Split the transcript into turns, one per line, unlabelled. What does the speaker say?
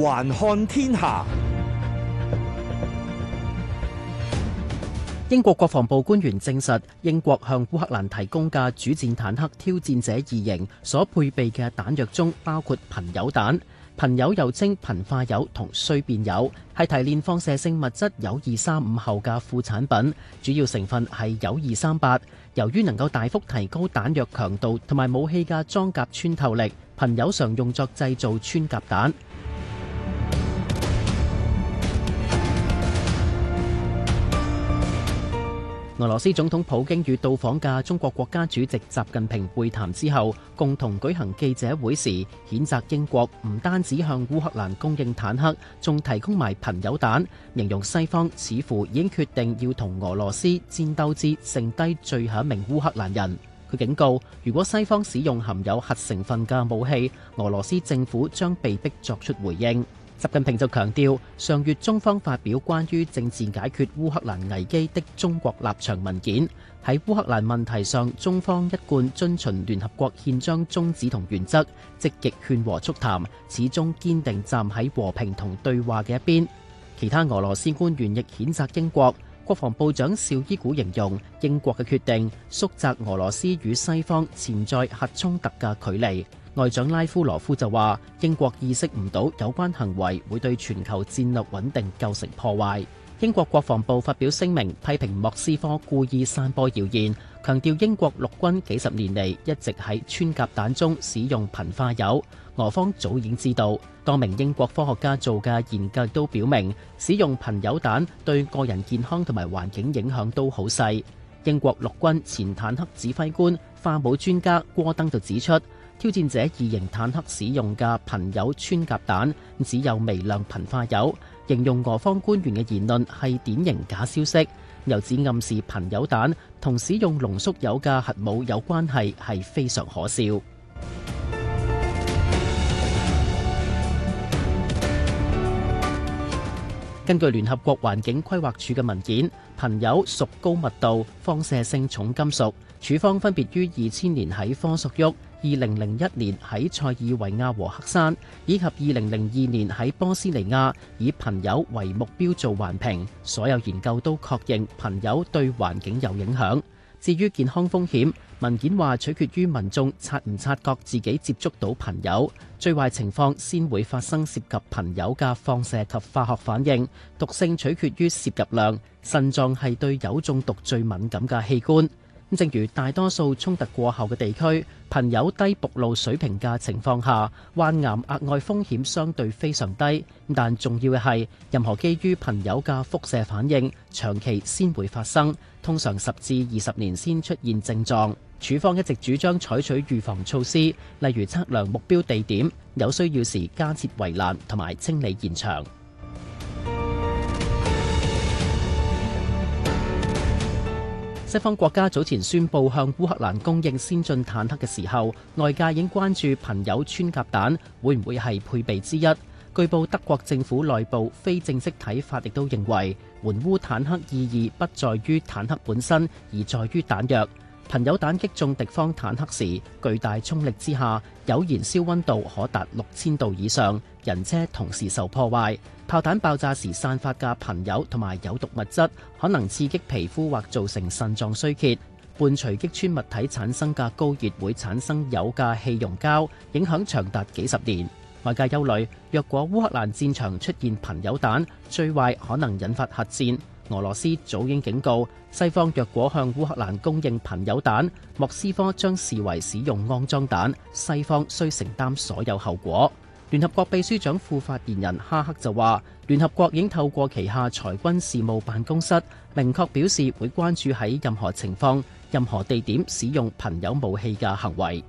環看天下。英國國防部官員證實，英國向烏克蘭提供嘅主戰坦克挑戰者二型所配備嘅彈藥中，包括貧鈾彈。貧鈾又稱貧化鈾同衰變鈾，係提煉放射性物質鈾二三五後嘅副產品，主要成分係鈾二三八。由於能夠大幅提高彈藥強度同埋武器嘅裝甲穿透力，貧鈾常用作製造穿甲彈。俄羅斯總統普京與到訪嘅中國國家主席習近平會談之後，共同舉行記者會時，譴責英國唔單止向烏克蘭供應坦克，仲提供埋貧鈾彈，形容西方似乎已經決定要同俄羅斯戰鬥至剩低最後一名烏克蘭人。佢警告，如果西方使用含有核成分嘅武器，俄羅斯政府將被迫作出回應。習近平就強調，上月中方發表關於政治解決烏克蘭危機的中國立場文件，喺烏克蘭問題上，中方一貫遵循聯合國憲章宗旨同原則，積極勸和促談，始終堅定站喺和平同對話嘅一邊。其他俄羅斯官員亦譴責英國。國防部長邵伊古形容英國嘅決定縮窄俄羅斯與西方潛在核衝突嘅距離。外長拉夫羅夫就話：英國意識唔到有關行為會對全球戰略穩定構成破壞。英國國防部發表聲明批評莫斯科故意散播謠言，強調英國陸軍幾十年嚟一直喺穿甲彈中使用貧化鈾，俄方早已知道。多名英國科學家做嘅研究都表明，使用貧鈾彈對個人健康同埋環境影響都好細。英國陸軍前坦克指揮官、化武專家郭登就指出，挑戰者二型坦克使用嘅貧鈾穿甲彈只有微量貧化鈾。形容俄方官員嘅言論係典型假消息，又指暗示貧鈾彈同使用濃縮鈾嘅核武有關係係非常可笑。根據聯合國環境規劃署嘅文件，貧鈾屬高密度放射性重金屬，署方分別於二千年喺科索沃，二零零一年喺塞爾維亞和黑山，以及二零零二年喺波斯尼亞，以貧鈾為目標做環評，所有研究都確認貧鈾對環境有影響。至於健康風險，文件話取決於民眾察唔察覺自己接觸到貧鈾，最壞情況先會發生涉及貧鈾嘅放射及化學反應。毒性取決於攝入量，腎臟係對鈾中毒最敏感嘅器官。正如大多數衝突過後嘅地區，貧鈾低暴露水平嘅情況下，患癌額外風險相對非常低。但重要嘅係，任何基於貧鈾嘅輻射反應，長期先會發生，通常十至二十年先出現症狀。處方一直主張採取預防措施，例如測量目標地點，有需要時加設圍欄同埋清理現場。西方國家早前宣布向烏克蘭供應先進坦克嘅時候，外界已經關注貧鈾穿甲彈會唔會係配備之一。據報德國政府內部非正式睇法亦都認為，援烏坦克意義不在於坦克本身，而在於彈藥。貧鈾彈擊中敵方坦克時，巨大衝力之下，有燃燒溫度可達六千度以上，人車同時受破壞。炮彈爆炸時散發嘅貧鈾同埋有毒物質，可能刺激皮膚或造成腎臟衰竭。伴隨擊穿物體產生嘅高熱，會產生有嘅氣溶膠，影響長達幾十年。外界憂慮，若果烏克蘭戰場出現貧鈾彈，最壞可能引發核戰。俄羅斯早已警告西方，若果向烏克蘭供應貧鈾彈，莫斯科將視為使用骯髒彈，西方需承擔所有後果。聯合國秘書長副發言人哈克就話，聯合國已經透過旗下裁軍事務辦公室，明確表示會關注喺任何情況、任何地點使用貧鈾武器嘅行為。